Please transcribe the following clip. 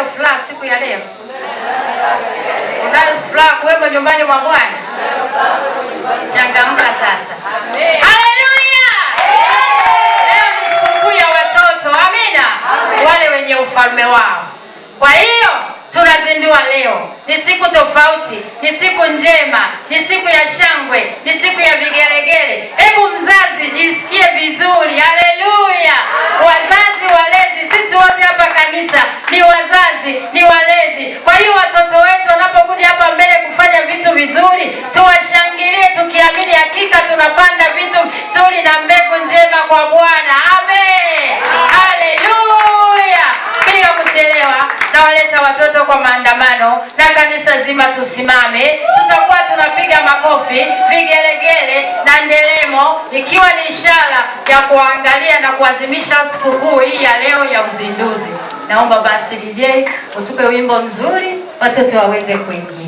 unayo furaha siku ya leo? Unayo furaha kuwepo nyumbani mwa Bwana? Changamka sasa. Haleluya! Leo ni sikukuu ya watoto, amina, wale wenye ufalme wao. Kwa hiyo tunazindua leo, ni siku tofauti, ni siku njema, ni siku ya shangwe, ni siku ya vigelegele. Hebu mzazi tunapanda vitu nzuri na mbegu njema kwa Bwana. Amen, haleluya, bila kuchelewa. Nawaleta watoto kwa maandamano na kanisa zima, tusimame. Tutakuwa tunapiga makofi, vigelegele na nderemo, ikiwa ni ishara ya kuangalia na kuadhimisha sikukuu hii ya leo ya uzinduzi. Naomba basi DJ utupe wimbo mzuri, watoto waweze kuingia.